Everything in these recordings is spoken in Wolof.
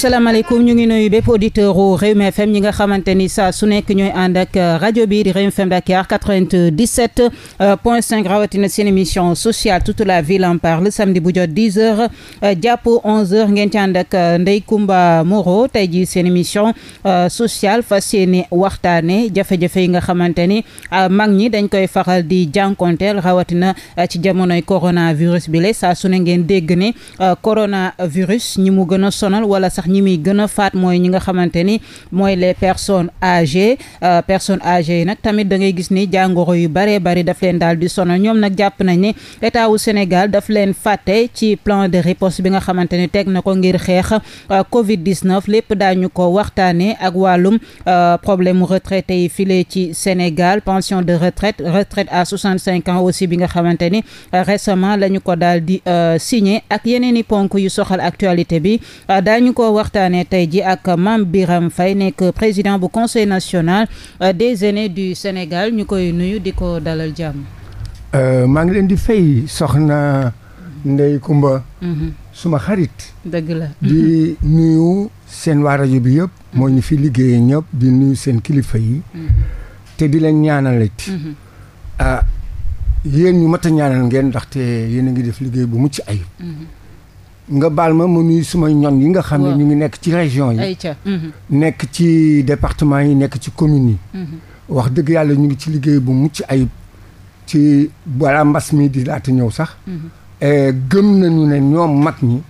salaamaaleykum ñu ngi nuyu bépp auditeur u Rewmi FM ñi nga xamante ni saa su nekk ñooy ànd ak rajo bi di Rewmi FM Dakar 97 euh, point 5 rawatina seen émission sociale toute la ville en parle samedi bu jot 10 heures euh, jàpp 11 heures ngeen ci ànd ak euh, Ndeye Comba Moreau tey ji seen émission social fas yéene waxtaane jafe-jafe yi nga xamante ni mag ñi dañ koy faral di jànkonteel rawatina ci jamonoy coronavirus bi la saa su ne ngeen dégg ne coronavirus ñi mu gën sonal wala sax ñi muy gën a faat mooy ñi nga xamante ni mooy les personne âgées euh, personne agé yi nag tamit da ngay gis ni jàngoro yu baree bari daf leen daal di sonal ñoom nag jàpp nañ ni état Sénégal daf leen fàtte ci plan de riposte bi nga xamante ni teg na ko ngir xeex euh, Covid 19 lépp daañu ko waxtaanee ak wàllum euh, problème mu retraité yi file ci Sénégal pension de retraite retraite à 65 ans aussi bi nga xamante ni récemment lañu ko daal di signé ak yeneen i ponk yu soxal actualité bi waxtaanee tey ji ak Mame Birame Faye nekk président bu conseil national euh, des aînés du Sénégal ñu koy nuyu di ko dalal jàmm. Euh, maa ngi leen di fay soxna Ndeye Kumba. Mm-hmm. suma xarit. dëgg la di nuyu seen waa bi yëpp. Mm-hmm. moo ñu fi liggéeyee ñëpp di nuyu seen kilifa yi. Mm-hmm. te di leen ñaanalit ah yéen ñu mat a ñaanal ngeen ndaxte yéen a ngi def liggéey bu mucc ayib. nga baal ma ma nuyu suma ñoon yi nga xam ne ñu ngi nekk ci région yi mhm. nekk ci département yi nekk ci communes yi mhm. wax dëgg yàlla ñu ngi ci liggéey bu mucc ayib ci balaa mbas mi di laata ñëw sax mhm. eh, gëm nañu ne ñoom mag ñi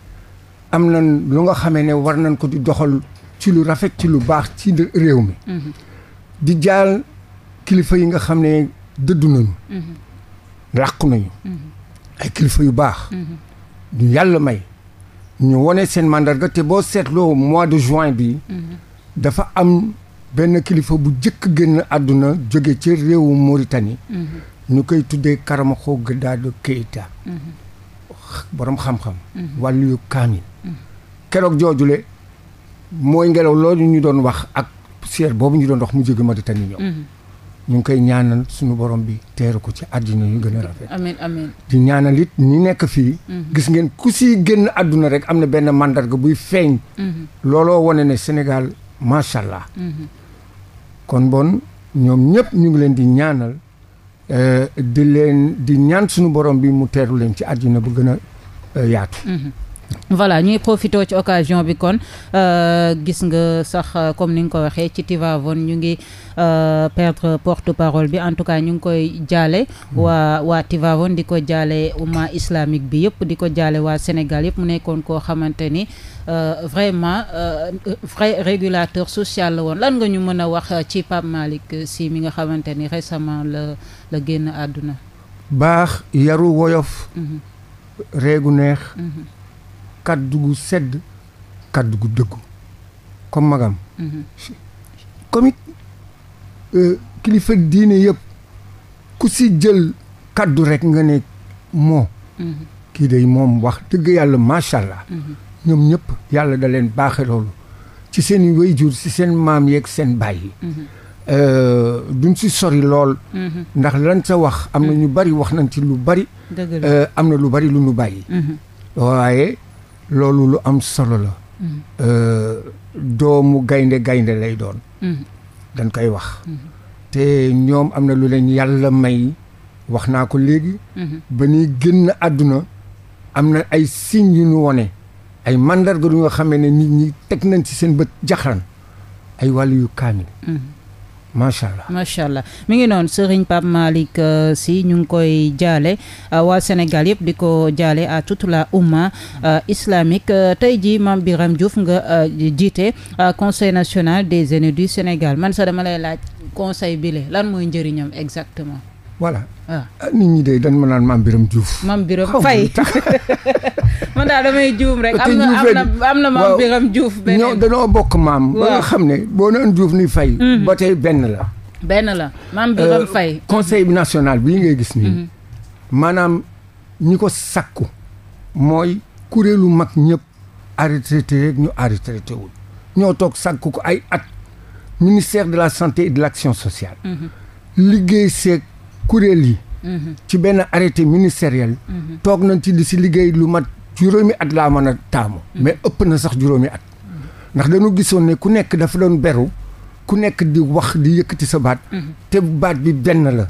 am na lu nga xamee ne war nañ ko di doxal ci lu rafet ci lu baax ci réew mi di jaal kilifa yi nga xam ne dëddu nañu làqu nañu ay kilifa yu baax ñu yàlla may ñu wone seen màndarga te boo seetloo mois de juin bi mhm. dafa am benn kilifa bu jëkk génn àdduna jóge ci réewu Mauritanie mhm. ñu koy tuddee Karamakho Gadaado Keita mhm. borom xam-xam wàllu yu kaamil keroog joojule mooy ngelaw loolu ñu doon wax ak poussière boobu ñu doon wax mu jóge Mauritanie ñëw ñu ngi koy ñaanal suñu borom bi teeru ko ci addina yu gën a rafet. amiin amiin di ñaanal it ñi nekk fii. Mhm. gis ngeen ku si génn àdduna rek am na benn mandarga buy feeñ. Mhm. looloo wane ne Sénégal macha allah. Mhm. kon bon ñoom ñëpp ñu ngi leen di ñaanal eh, di leen di ñaan suñu borom bi mu teeru leen ci àddina bu gën a eh, yaatu. voilà ñuy profitoo ci occasion bi kon euh, gis nga sax euh, comme ni nga ko waxee ci tivavon ñu ngi euh, perdre porte parole bi en tout cas ñu ngi koy jaale waa waa di ko jaale umma islamique bi yëpp di ko jaale waa Sénégal yëpp mu nekkoon koo xamante ni vraiment vrai régulateur social la woon lan nga ñu mën a wax ci Pape Malick Sy mi nga xamante ni récemment la la génn àdduna baax yaru woyof mhm. reegu neex mhm. kaddu gu sedd kaddu gu dëggu comme magam mhm. comme euh, kilifa diine yëpp ku si jël kàddu rekk nga ne moo mhm. kii day moom wax dëgg yàlla macha allah. Mhm. ñoom ñëpp yàlla da leen baaxe loolu ci seeni i wayjur si seen maam yeeg seen bàyyi euh, duñ si sori lool ndax lan sa wax am na ñu bari wax nañ ci lu bari euh, am na lu bari lu ñu bàyyi waaye loolu lu am solo la. Mm. Euh, doomu gaynde gaynde lay doon. Mm. dañ koy wax. Mm. te ñoom am na lu leen yàlla may wax naa ko léegi. Mm-hmm. ba ñuy génn àdduna am na ay signes yu ñu wone ay màndarga yu nga xamee ne nit ñi teg nañ ci seen bët jaxran ay wàllu yu kaamil. Mm-hmm. macha allah macha allah mi ngi noonu Serigne Pape Malick euh, si ñu ngi koy jaale euh, waa Sénégal yëpp di ko jaale à toute la umma euh, islamique tey jii Mame biram Diouf nga jiite conseil national des aînés du Sénégal man sax dama lay laaj conseil bile lan mooy njëriñam exactement. voilà. Ah. ah nit ñi de dañ ma naan maam Birame Diouf. maam Birame Faye man daal damay juum rek. am na am na am beneen ñoo dañoo bokk maam. ba nga xam ne boo naan Diouf ni fay mhm. ba tey benn la. benn la maam Birame euh, Faye. conseil mhm. national bii ngay gis nii. Mhm. maanaam ñi ko sakku. mooy kuréelu mag ñëpp. arrêté rek ñu arrêté wul. ñoo toog sakku ko ay at. ministère de la santé et de l'action sociale. liggéey seeg. kuréel yi. Mhm. ci benn arrêté ministériel. Mhm. toog nañ ci di si liggéey lu mat juróomi at laa mën a taamu. Mhm. mais ëpp na sax juróomi at. ndax dañu gisoon ne ku nekk dafa doon beru ku nekk di wax di yëkkati sa baat. te baat bi benn la.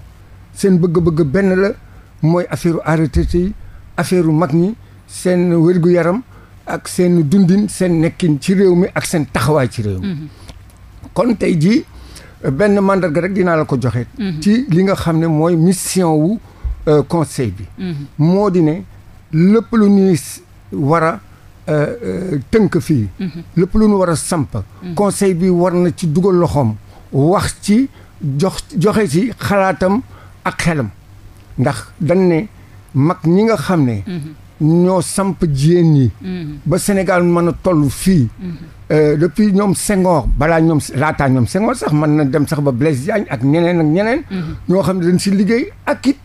seen bëgg-bëgg benn la mooy affaire arrêté yi affaire mag ñi seen wér-gu-yaram ak seen dundin seen nekkin ci réew mi ak seen taxawaay ci réew mi. kon tey jii benn mandarga rek dinaa la ko joxe. Mhm. ci li nga xam ne mooy mission wu euh, conseil bi. Mhm. moo di ne lépp lu ñuy war a euh, euh, tënk fii. Mhm. lépp lu ñu war a samp. conseil bi war na ci dugal loxoom wax ci jox joxe ci xalaatam ak xelam ndax dañ ne mag ñi nga xam ne. ñoo samp jigéen ñi. Mm-hmm. ba Sénégal mën a toll fii. Mm-hmm. Euh, depuis ñoom Senghor balaa ñoom laataa ñoom Senghor sax mën na dem sax ba Blaise Diagne ak ñeneen ak ñeneen. Mm-hmm. ñoo xam ne dañ si liggéey ak it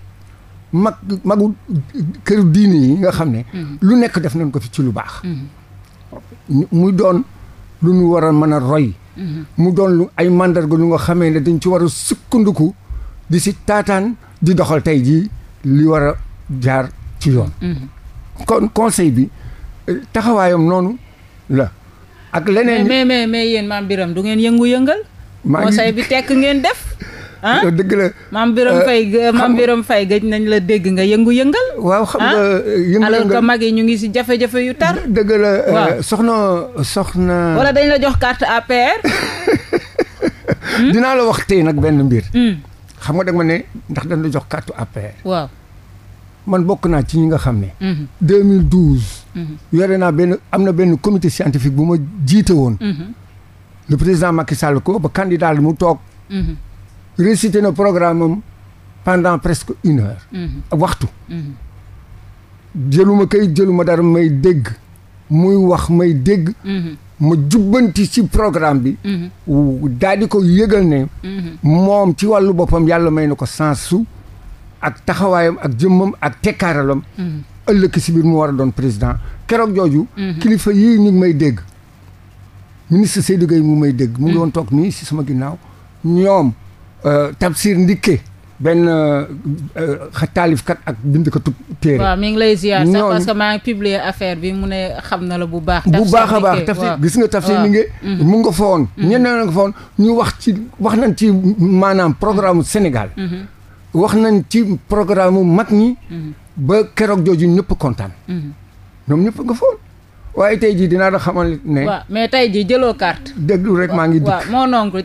mag magu këru diini yi nga xam ne. lu nekk def nañ ko fi ci lu baax. muy doon lu ñu war a mën a roy. mu doon lu ay mandarga lu nga xamee ne dañ ci war a sukkandiku di si taataan di doxal tey jii li war a jaar ci yoon. kon conseil bi euh, taxawaayam noonu la. ak leneen mais mais mais yéen maam du ngeen yëngu-yëngal. maa bi tekk ngeen def. Euh, dëgg la maam Birame euh, Faye maam Birame Faye gëj nañ la dégg nga yëngu-yëngal. waaw xam nga yëngu-yëngal alors mag yi ñu ngi si jafe-jafe yu tar. dëgg la soxna soxna. wala dañ la jox carte APR. dinaa la wax tey nag benn mbir. Hmm. xam nga da ne ndax dañ la jox carte APR. waaw. man bokk naa ci ñi nga xam ne. 2012. Mm-hmm. Mm-hmm. yore naa benn am na benn comité scientifique bu ma jiite woon. Mm-hmm. le président Macky Sall ko ba candidat la mu toog. récité na programme am pendant presque une heure. waxtu. jëluma kay jëluma dara may dégg. muy wax may dégg. ma jubbanti ci programme bi. daal ko yëgal ne. moom ci wàllu boppam yàlla may na ko sens su. ak taxawaayam ak jëmmam ak tekkaaralam mm-hmm. ëllëg si biir mu war a doon président keroog jooju mm-hmm. kilifa yii ñu may dégg ministre Seydou Gueye mu may dégg mu ngi woon mm-hmm. toog nii si sama ginnaaw ñoom euh, Tafsir Ndikke benn euh, euh, taalifkat ak bindkatu téere waaw mi ngi lay ziar sax parce maa ngi affaire bi mu ne xam na la bu baax bu baax a baax tafsir gis nga tafsir mi ngi mu nga fa woon ñeneen ñu wax ci wax na ci maanaam programme Sénégal wax nañ ci programme mag ñi. Mhm. ba keroog jooju ñëpp kontaan. Mhm. ñoom ñëpp nga foon. waaye tey jii dinaa la xamal ne. mais tey jii jëloo carte. déglu rek maa ngi dikk waaw mon oncle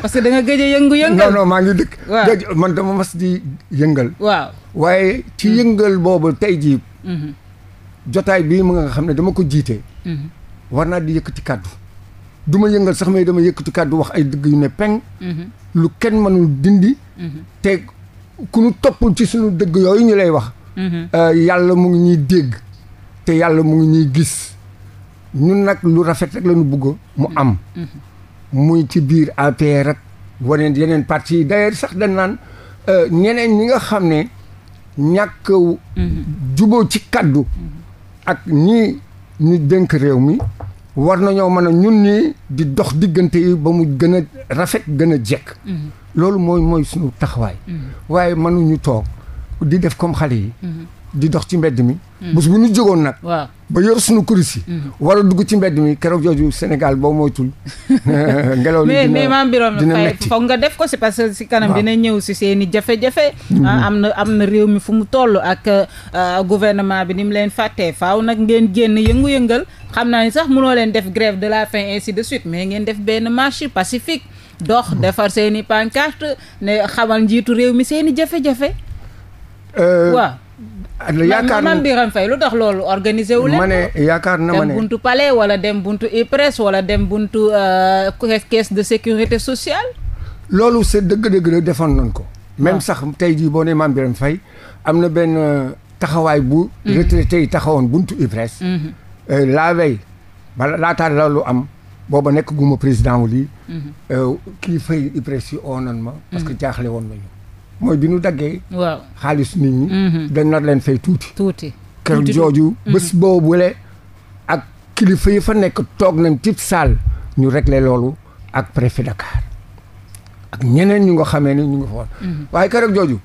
parce que da nga yëngu-yëngal. maa ngi dëkk waaw man dama mas di yëngal. waaw waaye ci mhm. yëngal boobu tey jii. jotaay bii mu nga xam ne dama ko jiite. war naa di yëkkati kàddu. du ma yëngal sax may dama yëkkatu kàddu wax ay dëgg yu ne peng mhm. lu kenn mënul dindi mhm. te ku nu toppul ci suñu dëgg yooyu ñu lay wax mhm. euh, yàlla mu ngi ñuy dégg te yàlla mu ngi ñuy gis ñun nag lu rafet rek la mu am muy ci biir APR ak waneen yeneen parti yi d'ailleurs sax dañ naan euh, ñeneen ñi nga xam ne ñàkk juboo ci kàddu ak ñii ñu dénk réew mi war nañoo mën a ñun ñi di dox diggante yi ba mu gën a rafet gën a jekk mm-hmm. loolu mooy mooy suñu taxawaay mm-hmm. waaye mënuñu toog di def comme xale yi mm-hmm. di dox ci mbedd mi. Hmm. bés bu ñu jógoon nag. waaw ba yor suñu kuris yi. Hmm. dugg ci mbedd mi keroog jooju Sénégal boo moytul. ngelaw li dina dina metti foog nga def ko si parce que si kanam dina ñëw si seeni i jafe-jafe. Hmm. Ah, am na am na réew mi fu mu toll ak euh, gouvernement bi ni mu leen fàttee faaw nag ngeen génn yëngu-yëngal xam naa ni sax mënoo leen def grève de la fin faim ainsi de suite mais ngeen def benn marche pacifique dox defar seeni i ne xamal njiitu réew mi seen i jafe-jafe. Euh, waaw. yaakaar man Birame Faye lu tax loolu organisé wu ma ne yaakaar na ma ne dem buntu palais wala dem buntu IPRES wala dem buntu euh, caisse de sécurité sociale. loolu c'est dëgg-dëgg la defoon nañ ko. Ah. même sax tey jii boo nee Mame Birame Faye am na benn euh, taxawaay bu. Mhm. retraité yi taxawoon buntu IPRES. Mhm. Euh, la veille bala laataa loolu am. booba nekk guma président wu lii. Mhm. kii fay IPRES yi oo nan ma. parce que jaaxle woon nañu. mooy bi ñu daggee. waaw xaalis nit ñi. Mhm. dañ nar leen fay tuuti. tuuti kër jooju. Mhm. bés boobule ak kilifa yi fa nekk toog nañ ci saal ñu réglé loolu ak préfet Dakar ak ñeneen ñu nga xamee ne ñu ngi xool. Mhm. waaye kër jooju.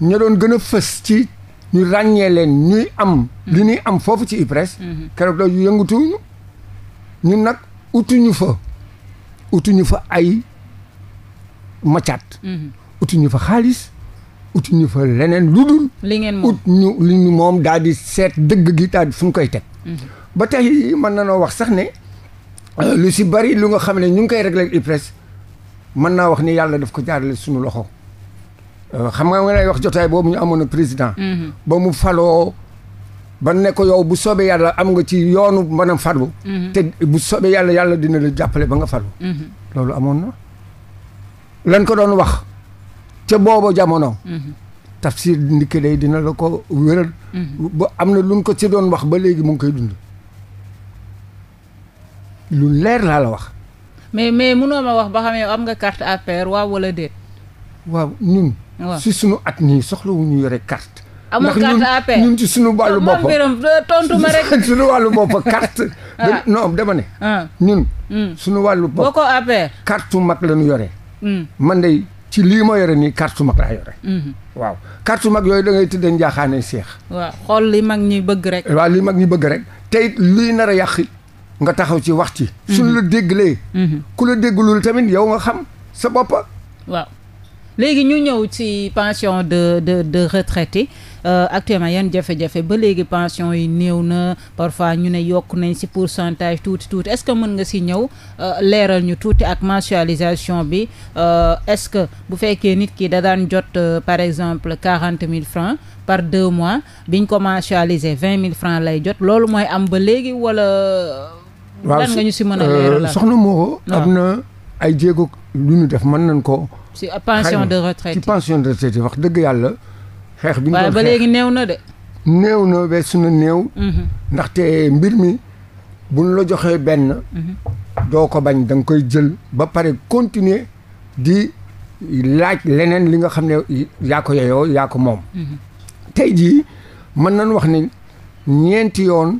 ña doon gën a fës ci. ñu ràññee leen ñuy am. li ñuy am foofu ci IPRES. keroog loolu yëngatuñu ñun nag utuñu fa utuñu fa ay macaat. uti ñu fa xaalis uti ñu fa leneen lu dul. li ngeen ut ñu li ñu moom daal di seet dëgg gi daal di fu ñu koy teg. Mhm. ba tey man na noo wax sax ne euh, lu si bari lu nga xam ne ñu ngi koy réglé IPRES man naa wax ni yàlla daf ko jaarale suñu loxo. Euh, xam nga nga lay wax jotaay boobu ñu amoon président. Mhm. ba mu faloo ba ne yow bu soobee yàlla am nga ci yoonu mën a falu. Mhm. te bu soobee yàlla yàlla dina la jàppale ba nga fal loolu amoon na. lan ko doon wax ca booba jamono. Mhm. tafsir ndikki day dina la ko wéral. Mhm. ba am na luñ ko ci doon wax ba léegi mu ngi koy dund. lu leer laa la wax. mais mais mënoo ma wax ba xamee am nga carte APR waaw wala déet. waaw ñun. waaw si sunu at nii soxlawuñu yore carte. amul carte APR ñun ci sunu ah, wàllu bopp moom tontu ma rek. wàllu bopp carte. Ah. non dama ne. Ah. ñun. Mm. sunu wàllu bopp mag la ñu yore. Mm. man de ci lii ma yore nii carte mag laa yore. Mhm. waaw carte mag yooyu da ngay tëddee njaaxaane seex. waaw xool li mag ñi bëgg rek. waaw li mag ñi bëgg rek te it lii nar a yàq nga taxaw ci wax ci. suñ mhm. la dégglee. Mhm. ku la déggulul tamit yow nga xam sa boppa waaw. léegi ñu ñëw ci pension de de de retraité euh, actuellement yan jafe-jafe ba léegi pension yi néew na parfois ñu ne yokk nañ si pour pourcentage tuuti tuuti est-ce que mën nga ci ñëw euh, leeral ñu tuuti ak mensualisation bi euh, est-ce que bu fekkee nit ki da daan jot euh, par exemple quarante mille francs par deux mois biñ ko mensualiser mille francs lay jot loolu mooy am ba léegi wala. lan nga ñu ci mën a leeral soxna Moreau am na ay jéego lu ñu def mën nañ ko. ci euh, pension de retraite ci pension de retraite wax dëgg yàlla. xeex bi ñu doon ba léegi néew na de. néew na weesu na néew. Mhm. ndaxte mbir mi buñ la joxee benn. Mhm. doo ko bañ danga koy jël ba pare continuer di laaj leneen li nga xam ne yaa ko yeyoo yaa ko moom. Mhm. tey jii mën nañ wax ni ñeenti yoon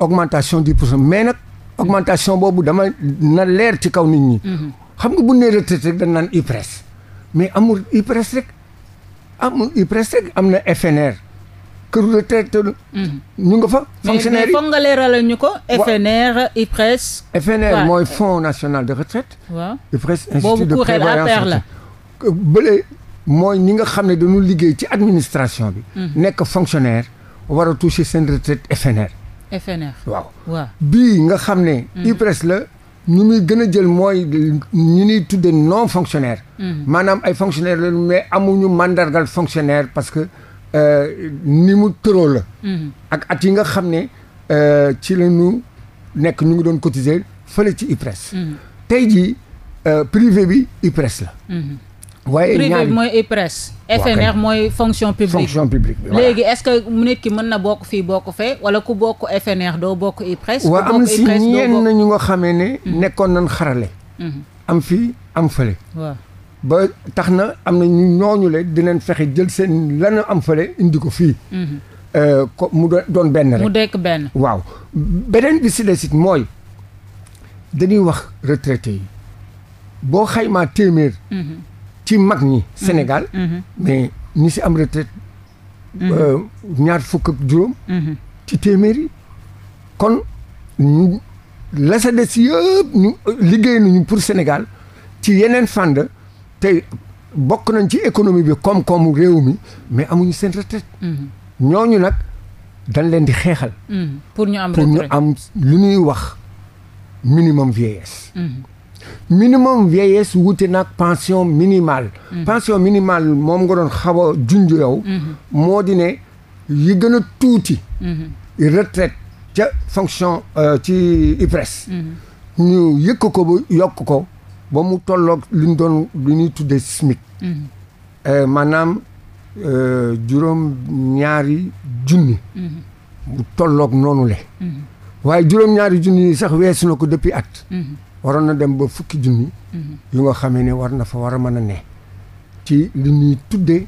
augmentation dix pour cent mais nag augmentation boobu dama na leer ci kaw nit ñi. xam nga bu nee retraite rek dañ naan IPRES mais amul IPRES rek amul IPRES rek am na FNR. këru retraite mhm. ñu nga fa. fonctionnaire yi mais nga leeralal ñu ko. mooy Fonds national de retraite. waaw IPRES de prévoyance la bële mooy ñi nga xam ne dañu liggéey ci administration bi. Mhm. nekk fonctionnaire war a toucher seen retraite FNR. waaw. bii nga xam ne. Mhm. IPRES la. ñu muy gën a jël mooy ñu ñuy tudde non fonctionnaire hmm. maanaam ay fonctionnaire la mais amuñu mandargal fonctionnaire parce que euh, ni mu tëroo la hmm. ak at yi nga xam ne euh, ci la ñu nekk ñu ngi doon cotiser fële ci IPRES hmm. tey jii euh, privé bi IPRES la waaye privé bi mooy presse. FNR mooy fonction publique fonction publique bi léegi est-ce que nit ki mën na bokk fii bokk fee wala ku bokk FNR doo bokk IPRES. waaw am na si ñenn ñu nga xamee ne. Mhm. nekkoon nañ xarale. Mhm. fii am fële. waaw ba tax na am na ñu ñooñu le dinañ fexe jël seen lanu am fële indi ko fii. Mhm. Euh, ko mu doon benn rek. mu dekk benn. waaw beneen bi si des mooy dañuy wax retraité yi boo xaymaa téeméer. ci mag ñi. Mhm. Sénégal. Mhm. mais ñi si am retraite. Mhm. Euh, ñaar fukk ak juróom. ci téeméeri. kon ñu la sa yëpp ñu liggéey nañu pour Sénégal ci yeneen fànn te bokk nañ ci économie bi koom-koomu réew mi mais amuñu seen retraite. ñooñu nag dañ leen di xeexal. pour ñu am retraite lu ñuy wax minimum vieillesse. minimum vieillesse wuute nag pension minimale. Mhm. pension minimale moom nga doon xaw a junj yow. Mhm. moo di ne yi gën a tuuti. Mhm. retraite ca fonction euh, ci IPRES. ñu yëkk ko ba yokk ko ba mu tollook lu ñu doon lu ñuy tuddee SMIC. Euh, maanaam euh, juróom ñaari junni. mu tolloog noonu le waaye juróom ñaari junni yi sax weesu na ko depuis at. waroon na dem ba fukki junni. Mm-hmm. yu nga xamee ne war na fa war a mën a ne. ci li ñuy tuddee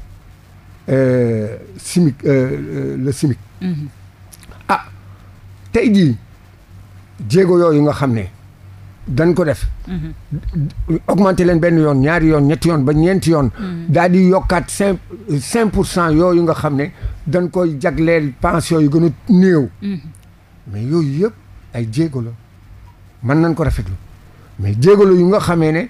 euh, chimique euh, euh, le chimique. Mm-hmm. ah tey jii jéego yooyu nga xam ne dañ ko def. Mm-hmm. augmenter leen benn yoon ñaari yoon ñetti yoon ba ñeenti yoon. daal di yokkaat cinq pour cent yooyu nga xam ne dañ koy jagleel pension yu gën a néew. mais yooyu yëpp ay jéego la mën nañ ko rafetlu. mais jéegalo yu nga xamee ne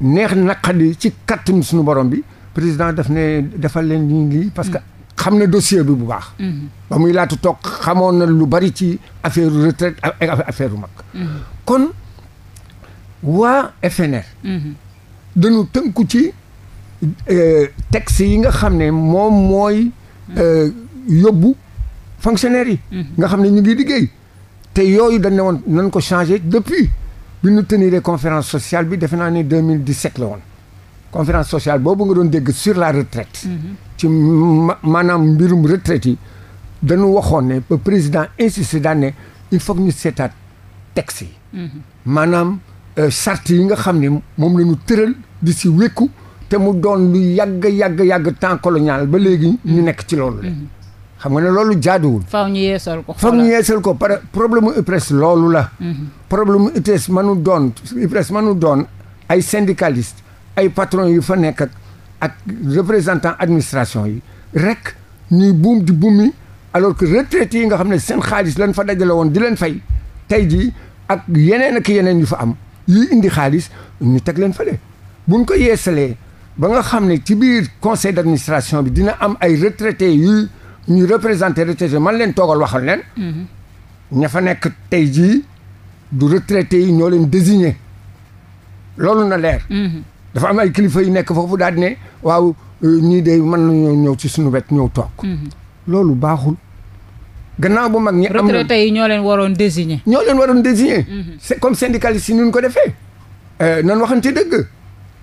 neex naqadi ci kattanu suñu borom bi président daf ne defal leen lii lii parce que xam ne dossier bi bu baax mm-hmm. ba muy laatu toog xamoon na lu bari ci affaire retraite ak affaire u mag mm-hmm. kon waa FNR mm-hmm. dañu tënku ci euh, texte yi nga xam ne moom mooy euh, yóbbu fonctionnaires yi nga xam ne ñu ngi liggéey te yooyu dañ ne woon ko changé depuis bi ñu teniree conférence sociale bi defe naa ne 2017 la woon conférence sociale boobu nga doon dégg sur la retraite mm-hmm. ci maanaam mbirum retraite yi dañu waxoon ne ba président insisté daan ne il faut que ñu seetaat texte yi mm-hmm. maanaam euh, charte yi nga xam ni moom la ñu tëral di si wékku te mu doon lu yàgg yàgg yàgg temps colonial ba léegi ñu nekk ci loolu la mm-hmm. xam nga ne loolu jaaduwul. faaw ñu yeesal ko faaw ñu yeesal ko pare problème mu IPRES loolu la. Mhm. problème mu IPRES manu doon IPRES manu doon ay syndicaliste ay patron yu fa nekk ak ak représentant administration yi rek ñuy buum di buumi alors que retraités yi nga xam ne seen xaalis lañ fa dajale woon di leen fay tey jii ak yeneen ak yeneen yu fa am yuy indi xaalis ñu teg leen fale buñ ko yeesalee ba nga xam ne ci biir conseil d'administration bi dina am ay retraités yuy. ñu représenté retraité man leen toogal waxal leen. Mm-hmm. ña fa nekk tey jii du retraité yi ñoo leen désigné loolu na leer. Mm-hmm. dafa am ay kilifa yu nekk foofu daal di ne waaw euh, ñii de mën nañoo ñëw ci suñu wet ñëw toog. Mm-hmm. loolu baaxul. gannaaw bu mag ñi am retraité yi ñoo leen waroon désigné. ñoo leen waroon désigné. c'est comme syndicaliste yi ni ñu ko defee. Euh, nan waxante dëgg.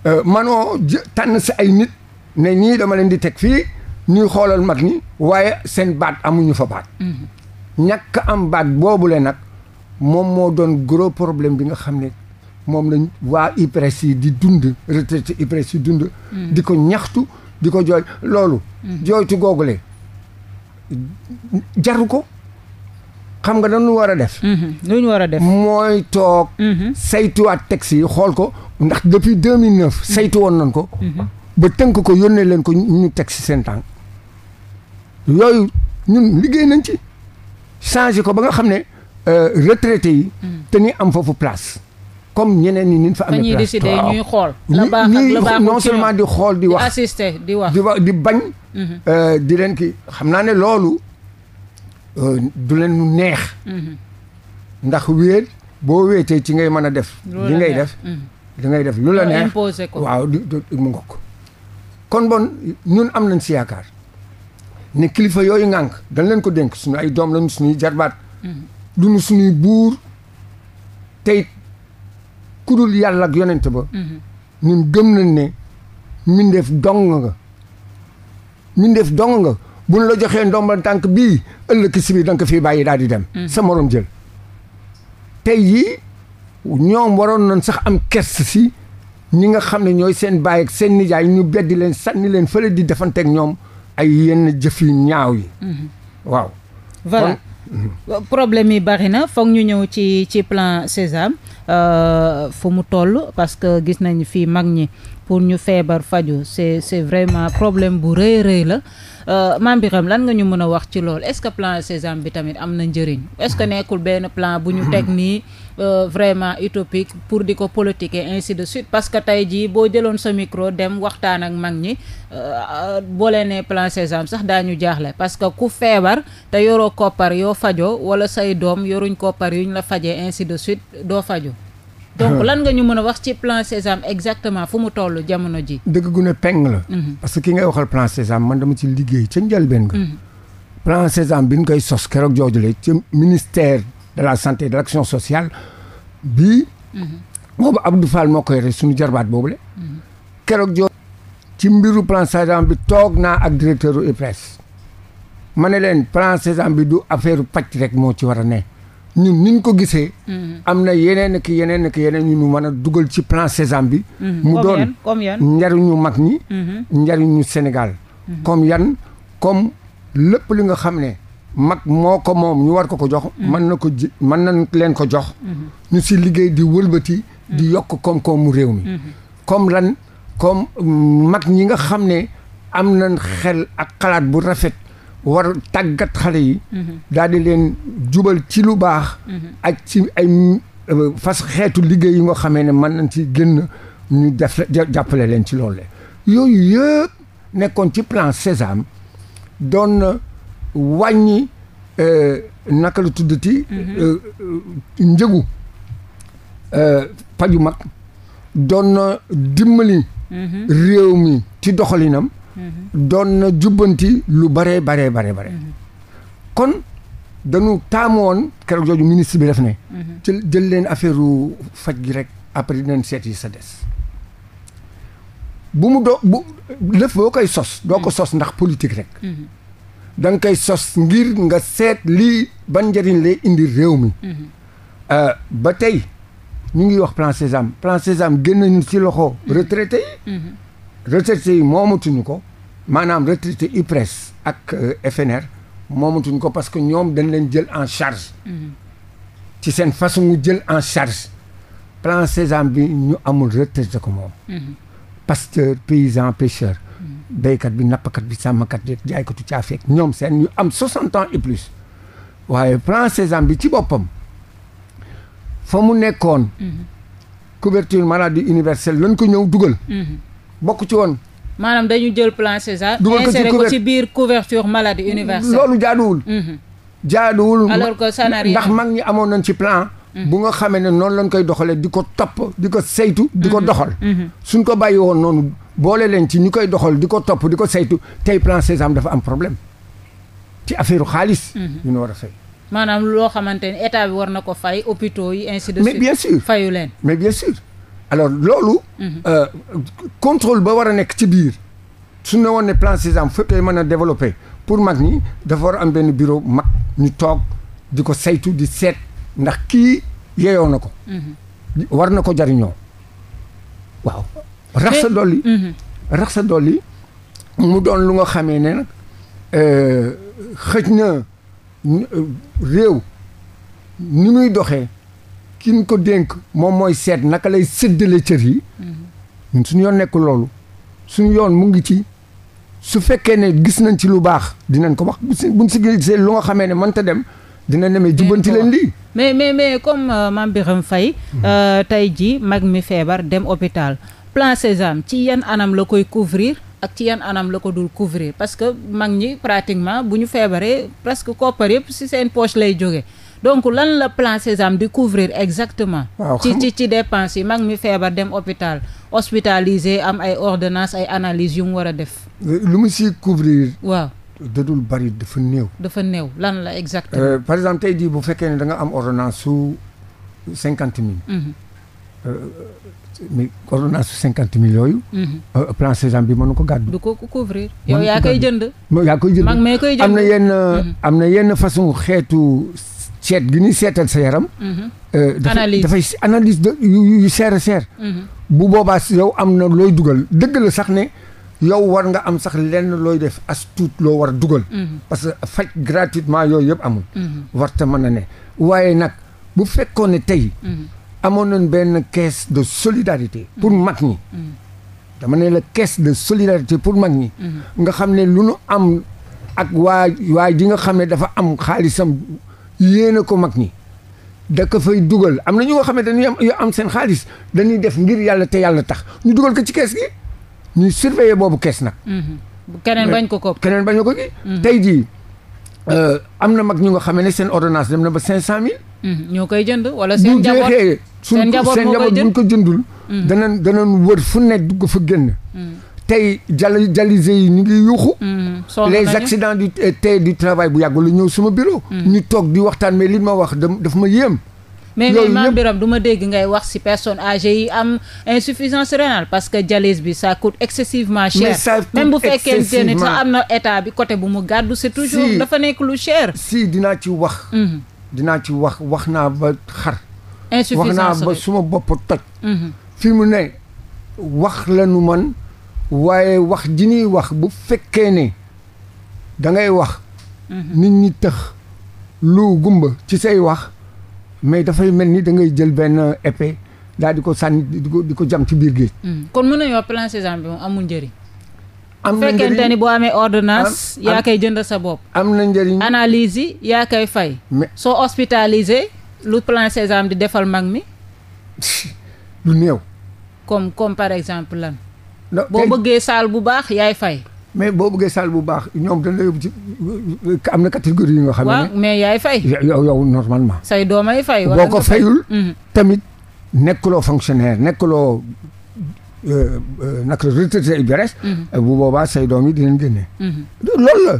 Euh, manoo tànn si ay nit ne ñii dama leen di teg fii. ñuy xoolal mag ni waaye seen baat amuñu fa baat mm-hmm. ñàkk am baat boobu boobule nag moom moo doon gros problème bi nga xam ne moom lañ waa IPRES yi di dund retraité IPRES yi dund mm-hmm. di ko ñaxtu di ko jooy loolu mm-hmm. jooytu googule jaru ko xam nga dañu war a def lu war a def mooy toog saytuwaat texte yi xool ko ndax depuis 2009 saytu woon nañ ko ba tënk ko yónnee leen ko ñu teg ci seen tànk yooyu ñun liggéey nañ ci changé ko ba nga xam ne euh, retraité yi. Hmm. te ñuy am foofu place. comme ñeneen ñi ñu fa amee. place ñuy ñuy xool. la baax non seulement di xool di wax di wax. di wax di bañ. Hmm. Euh, di leen ki xam naa ne loolu euh, du leen neex. Hmm. ndax wéet boo wéetee ci ngay mën a def. li ngay def li def lu la neex. ko waaw di mu ngoog kon bon ñun am nañ si yaakaar. ne kilifa yooyu ŋànk dañ leen ko dénk suñu ay doom lañu suñuy jarbaat duñu suñuy buur tey ku dul yàlla yonent ba ñun gëm nañ ne mindeef dong nga mindeef dong nga buñ la joxee ndombal tànk bii ëllëg si biir da nga ko fii bàyyi daal di dem mm-hmm. sa morom jël tey yi ñoom waroon nañ sax am kers si ñi nga xam ne ñooy seen baay seen nijaay ñu beddi leen sànni leen fële di defanteeg ñoom ay yenn jëf yu ñaaw yi. Mhm. waaw. Mhm. problème yi bari na foog ñu ñëw ci ci plan Sésame euh, fu mu toll parce que gis nañ fii mag ñi pour ñu feebar faju c'est c'est vraiment problème bu rëy rëy la euh, Mame Birame lan nga ñu mën a wax ci lool est-ce que plan Sésame bi tamit am na njëriñ est-ce que nekkul benn plan bu ñu teg nii. Euh, vraiment utopique pour di ko politiquer ainsi de suite parce que tey jii boo jëloon sa micro dem waxtaan ak mag ñi euh, boo leenee nee plan Sésame sax daañu jaaxle parce que ku feebar te yoroo koppar yoo fajo wala say doom yoruñ koppar yuñ la fajee ainsi de suite doo fajo donc ah. lan nga ñu mën a wax ci plan Sésame exactement fu mu toll jamono ji dëgg gu ne peng la mhm. parce que ki ngay waxal plan Sésame man dama ci liggéey ca njëlbeen nga mhm. plan Sésame bi ñu koy sos keroog jooju la ci ministère de la santé de l' action sociale bii. boobu Abdou Fall moo koy yore suñu jarbaat boobule. keroog joo ci mbiru plan Sésame bi toog naa ak directeur u IPRES ma ne leen plan Sésame bi du affaire pàcc rek moo ci war a ne ñun niñ ko gisee. Mhm. am na yeneen ak yeneen ak yeneen ñu mën a dugal ci plan Sésame bi. Mhm. mu doon njariñu mag ñi. Mhm. njariñu Sénégal. comme yan comme lépp li nga xam ne. mag moo ko moom ñu war ko ko jox mm-hmm. mën na ko ji mën nañ leen ko jox mm-hmm. ñu si liggéey di wëlbati mm-hmm. di yokk koom-koomu réew mi comme lan kom mag ñi nga xam ne am na xel ak xalaat bu rafet war tàggat xale yi daal leen jubal ci lu baax ak ci ay fas xeetu liggéey yi nga xamee ne mën nañ ci génn ñu def jàppale leen ci loolu le yooyu yëpp nekkoon ci plan Sésame doon na wàññi euh, naka lu tudd tuddati. Mhm. Euh, euh, njëgu paju mag doon na dimbali. Mhm. réew mi ci doxalinam. Mhm. doon na jubbanti lu baree baree baree bare kon dañu taamu woon keroog jooju ministre bi def ne. jël jël leen affaire faj gi rek après dinañ seet yi sa des. bu mu doo bu lëf boo koy sos. doo ko sos ndax politique rek. da nga koy sos ngir nga seet lii ban njëriñ lay indi réew mi. Mhm. Euh, ba tey ñu ngi wax plan Sésame plan Sésame génn nañu ci loxo retraité yi. Mhm. retraité yi moomatuñu ko maanaam retraité IPRES ak euh, FNR moomatuñu ko parce que ñoom dañ leen jël en charge. Mhm. ci seen façon jël en charge plan Sésame bi ñu amul retraité ko moom. pasteur paysan pêcheur. béykat bi kat bi kat sàmmkat bi jaaykatu caafeeg ñoom seen ñu am 60 ans et plus waaye plan Sésame bi ci boppam fa mu nekkoon. Mhm. couverture maladie universelle lañ ko ñëw dugal. Mhm. bokk ci woon. maanaam dañu jël plan Sésame. dugal ko ci biir couverture maladie universelle. loolu jaaduwul. Mhm. jaaduwul. alors ndax mag ñi amoon nañ ci plan. bu nga xamee ne noonu lañ koy doxalee di ko topp di ko saytu. di ko doxal. suñ ko bàyyi woon noonu. boole leen ci ñu koy doxol di ko topp di ko saytu tey plan Sésame dafa am problème ci affaire xaalis. Mhm. ñu ne war a fay. maanaam loo xamante ne état bi war na ko fay hôpitaux yi ainsi de suite. mais leen. mais bien alors loolu. Mhm. Euh, contrôle ba war a nekk ci biir. suñ ne woon plan Sésame fépp tey mën a développer pour mag ñi dafa war a am benn bureau mag ñu toog di ko saytu di seet ndax kii yeyoo na ko. Mhm. war na ko jariñoo waaw. rax sa dolli mhm. rax sa dolli mu doon lu nga xamee ne nag euh, xëj na réew ni muy doxee kin ko dénk moom mooy seet naka lay séddale cër yi mhm. ñun suñu yoon nekk loolu suñu yoon mu ngi ci su fekkee ne gis nañ ci lu baax dinañ ko wax buñ si gisee lu nga xamee ne mënta dem dina demee jubanti leen lii mais mais mais comme euh, Mame Birame Faye hmm. euh, tey ji mag mi feebar dem hôpital plan Sésame ci yan anam la koy couvrir ak ci yan anam la ko dul couvrir parce que mag ñi pratiquement bu ñu feebaree presque koppar yëpp si seen poche lay jóge donc lan la plan Sésame di couvrir exactement ci ci ci dépense yi mag mi feebar dem hôpital hospitalisé am ay ordonnance ay analyse yu war a def lu mu si couvrir waaw dadul bari dafa néew dafa néew lan la exactement euh, par exemple tey jii bu fekkee ne danga am ordonnance su cinquante mille mhm. euh, mais ordonnance su cinquante mille yooyu. Mhm. Euh, plan Sésame bi mënu ko gàddu. du ko couvrir yow yaa koy jënd. yaa koy jënd am na yenn mhm. am na yenn façon xeetu seet gi ñuy seetal sa yaram. Mhm. Euh, analyse dafay analyse de yu yu seer bu boobaa yow am na looy dugal dëgg la sax ne yow war nga am sax lenn looy def as loo war a dugal. parce que faj gratuitement yooyu yëpp amul. warta mën a ne waaye nag bu fekkoon tey. amoon nañ benn caisse de solidarité pour mm. mag ñi mm. dama ne la caisse de solidarité pour mag ñi mm. nga xam ne lu nu am ak waa waa ji nga xam ne dafa am xaalisam yéene ko mag ñi da ko fay dugal am na ñu nga xam ne am yoo seen xaalis dañuy def ngir yàlla te yàlla tax ñu dugal ko ci kees gi ñuy surveiller boobu kees nag. Mm-hmm. keneen bañ ko ko keneen bañ ko gi mm-hmm. tey jii euh, am na mag ñu nga xam ne seen ordonnance dem na ba cinq cent mille. Mm-hmm. ñoo koy jënd wala seen njaboot seen njaboot seen njaboot ko jëndul. Mm. danañ danañ wër fu ne dugg ko fa génn. Mm. tey jàll jàllise yi ñu ngi yuuxu. Mm. les accidents du eh, tey du travail bu yàgg la ñëw suma bureau. ñu toog bi waxtaan mais li ma wax dafa ma yéem. mais mais Mame Birame du ma dégg ngay wax si personnes âgées yi am insuffisance rénale parce que dialyse bi ça coûte excessivement cher. mais ça coûte même bu fekkente ne am na état bi côté bu mu gàddu. c'est toujours dafa nekk lu cher. si dinaa ci wax. dinaa ci wax wax naa ba xar. wax naa ba suma bopp toj mhm. fii mu ne wax la nu man waaye wax ji ñuy wax bu fekkee ne dangay wax mhm. nit ñi tëx lu gumba ci say wax mais dafay mel ni da ngay jël benn épée daal di ko sànni di ko di ko jam ci biir géej mhm. kon mën nañoo plan Sésame amul njëriñ am na njëriñ boo amee ordonnance yaa koy jënd sa bopp am na njëriñ analyse yaa koy fay soo hospitalisé lu plan Sésame di defal mag mi. lu néew. comme comme par exemple lan. boo bëggee saal bu baax yaay fay. mais boo bëggee saal bu baax ñoom dañ la yóbbu ci am na catégorie yi nga xam ne. mais yaay fay. yow yow normalement. say doomay fay. wala ko fayul. Mm-hmm. tamit nekkuloo fonctionnaire nekkuloo euh, euh, naka retraité IBRS. Mm-hmm. boobaa say doom yi dinañ génne. Mm-hmm. loolu la.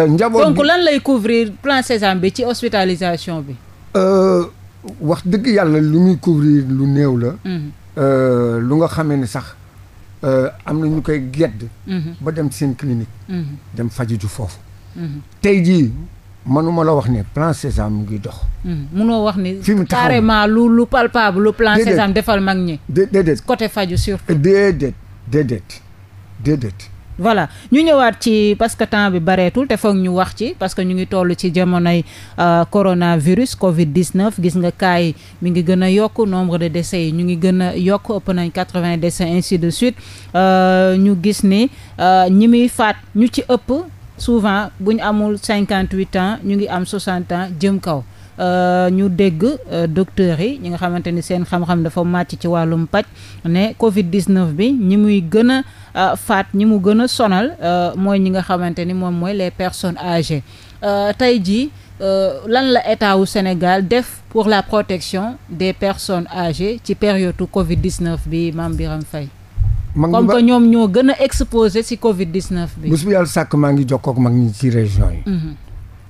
Euh, njaboot donc lan lay couvrir plan Sésame bi ci hospitalisation bi. Euh, wax dëgg yàlla lu muy couvrir lu néew la. Mhm. Euh, lu nga xame ne sax euh, am na ñu koy gedd. Mhm. ba dem seen clinique. Mhm. dem faju foofu. tey jii manuma la wax ne plan Sésame mu ngi dox. munoo wax ni. fi mu taxaw carrément lu lu palpable lu plan Sésame defal mag ñi. déedéet côté faju surtout. déedéet déedéet déedéet. voilà ñu ñëwaat ci parce que temps bi bareetul te foog ñu wax ci parce que ñu ngi toll ci jamonoy euh, coronavirus Covid 19 gis nga cas yi mi ngi gën a yokk nombre de décès yi ñu ngi gën a yokk ëpp nañ 80 décès ainsi de suite euh, ñu gis ni euh, ñi muy faat ñu ci ëpp souvent bu ñu amul 58 ans ñu ngi am 60 ans jëm kaw. Euh, ñu dégg euh, docteurs yi ñi nga xamante ni seen xam-xam dafa màcc ci wàllum paj ne Covid 19 bi ñi muy gën a euh, faat ñi mu gën a sonal mooy ñi nga xamante ni moom mooy les personnes âgées tey jii lan la état wu Sénégal def pour la protection des personnes âgées ci période Covid 19 bi Mame Birame Faye. comme que ñoom ñoo gën a exposé ci Covid 19 bi. bés bu yàlla sàkk maa ngi jokkoo ak mag ñi ci région yi. Mhm.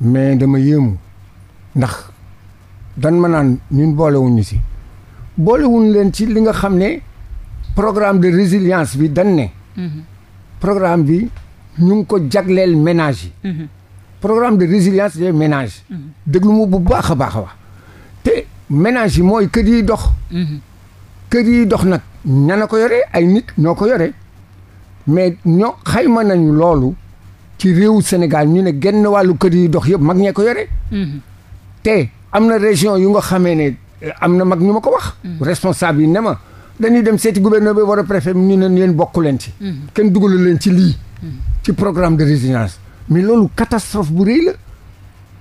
mais dama yéemu ndax dan ma naan ñun boolewuñu si boolewuñu leen ci li nga xam ne programme de résilience bi dan ne mhm. programme bi ñu ngi ko jagleel ménage yi mhm. programme de résilience des ménages mhm. déglu mu bu baax a baax a wax te ménage yi mooy kër yi dox kër yi dox nag ña ko yore ay nit ñoo ko yore mais ñoo xayma nañu loolu ci réew Sénégal ñu ne genn wàllu kër yi dox yëpp mag ñee ko yore te am na région yu nga xamee ne eh, am na mag ñu ma ko wax. Mm. responsable yi ne ma dañuy dem seeti gouverneur bi war a préfet ñu ne leen bokku leen ci. Mm. kenn dugalu leen ci lii. Mm. ci programme de résilience. mais loolu catastrophe bu rëy la.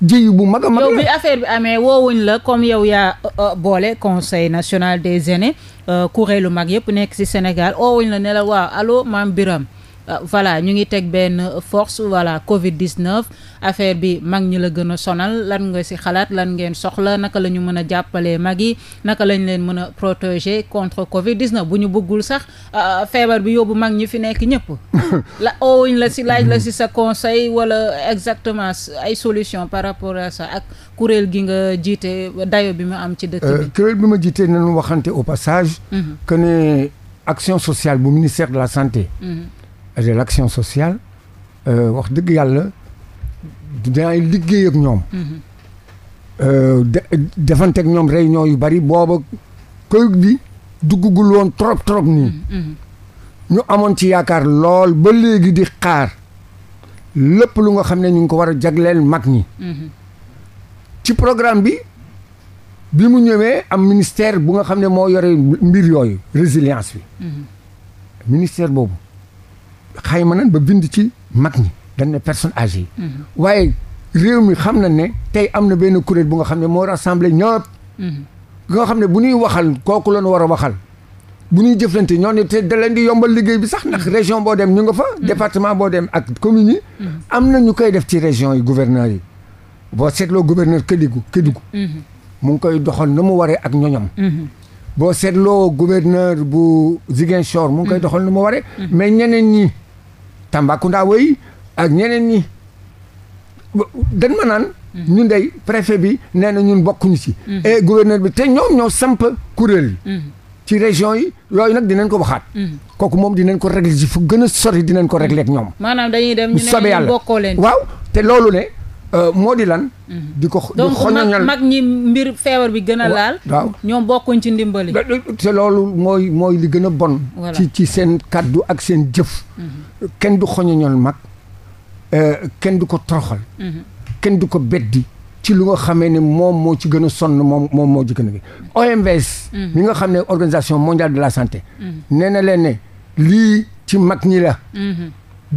jëyu bu mag a mag yow bi affaire bi amee woowuñ la comme yow yaa euh, euh, boole conseil national des aînés euh, kuréelu mag yëpp nekk ci Sénégal woowuñ la ne la waaw allo maam biram Euh, voilà ñu ngi teg benn force voilà Covid 19 affaire bi mag ñi la gën a sonal lan nga si xalaat lan ngeen soxla naka la ñu mën a jàppalee mag yi naka lañ leen mën a protéger contre Covid 19 bu ñu buggul sax euh, feebar bi yóbbu mag ñi fi nekk ñëpp. la oowuñ la ci laaj la si sa conseil walla exactement ay solution par rapport a ça ak kuréel gi nga jiite dayo bi ma am ci dëkk euh, kuréel bi ma jiite nañu waxante au passage. Mm-hmm. que ne action sociale bu ministère de la santé. Mm-hmm. de l'action sociale euh, wax dëgg yàlla dinaay liggéey ak ñoom. Mhm. Euh, defanteeg ñoom réunion yu bari booba koy bi duggagul woon trop trop nii. Mhm, mhm. ñu amoon ci yaakaar lool ba léegi di xaar lépp lu nga xam ne ñu ngi ko war a jagleel mag ñi. ci programme bi bi mu ñëwee am ministère bu nga xam ne moo yore mbir yooyu résilience bi. ministère boobu. xayma nan ba bind ci mag ñi dañ ne personne âgée yi mm-hmm. waaye réew mi xam na ne tey am na benn kuréel bu nga xam ne moo rassemblé ñëpp mm-hmm. nga xam ne bu ñuy waxal kooku la ñu war a waxal bu ñuy jëflante ñoo ne te da leen di yombal liggéey bi sax ndax mm-hmm. région boo dem ñu nga fa département boo dem ak commune yi am na ñu koy def ci région yi gouverneur yi boo seetloo gouverneur Kédougou Kédougou mu ngi koy doxal na mu waree ak ñoñam boo seetloo gouverneur bu Ziguinchor mu Tambacounda wëy ak ñeneen ñi dañ ma naan. Mm-hmm. ñun dey préfet bi nee na ñun bokkuñu si mm-hmm. et gouverneur bi te ñoom ñoo samp kuréel yi. Mm-hmm. ci région yi yooyu nag dinañ ko waxaat. kooku moom dinañ ko régler ji fu gën a sori dinañ ko régler ak ñoom. waaw te loolu ne. Euh, moo di lan. Mhm. di ko di xoñoñal mag ñi mbir feebar bi gën a laal. ñoom bokkuñ ci ndimbali. te loolu mooy mooy li gën a bon. ci seen kàddu ak seen jëf. Mhm. kenn du xoñoñal mag euh, kenn du ko toroxal. Mhm. kenn du ko beddi. ci lu nga xamee ne moom moo ci gën a sonn moom moom moo ci gën a bi OMS. mi nga xam ne organisation mondial de la santé. nee na leen ne lii ci mag ñi la.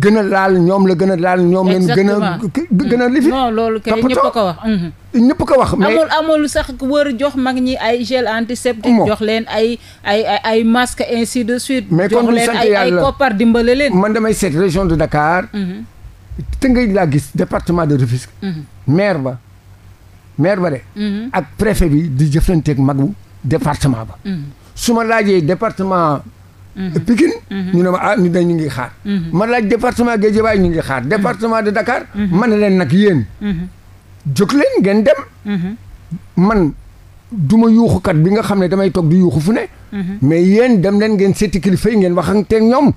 gën a laal ñoom la gën a laal ñoom leen gën a a lifi non loolu kay ñëpp ko wax mhm. ñëpp ko wax mais amul amul sax wër jox mag ñi ay gel antiseptique jox leen ay ay ay masque ainsi de suite mais kon leen ay koppar dimbale leen man damay seet région de Dakar mhm. Tëngéej laa gis département de Rufisque mhm. maire ba maire ba de ak préfet bi di jëflanteeg magu département ba su ma laajee département Mm-hmm. Pikine mm-hmm. ñu ne ma ah ñu dañu ngi xaar mm-hmm. ma laaj département Guédiawaye ñu ngi xaar département de Dakar ma ne leen nag yéen jóg leen ngeen dem man duma ma yuuxukat bi nga xam ne damay toog di yuuxu fu ne mais yéen dem leen ngeen seeti kilifa yi ngeen waxanteeg ñoom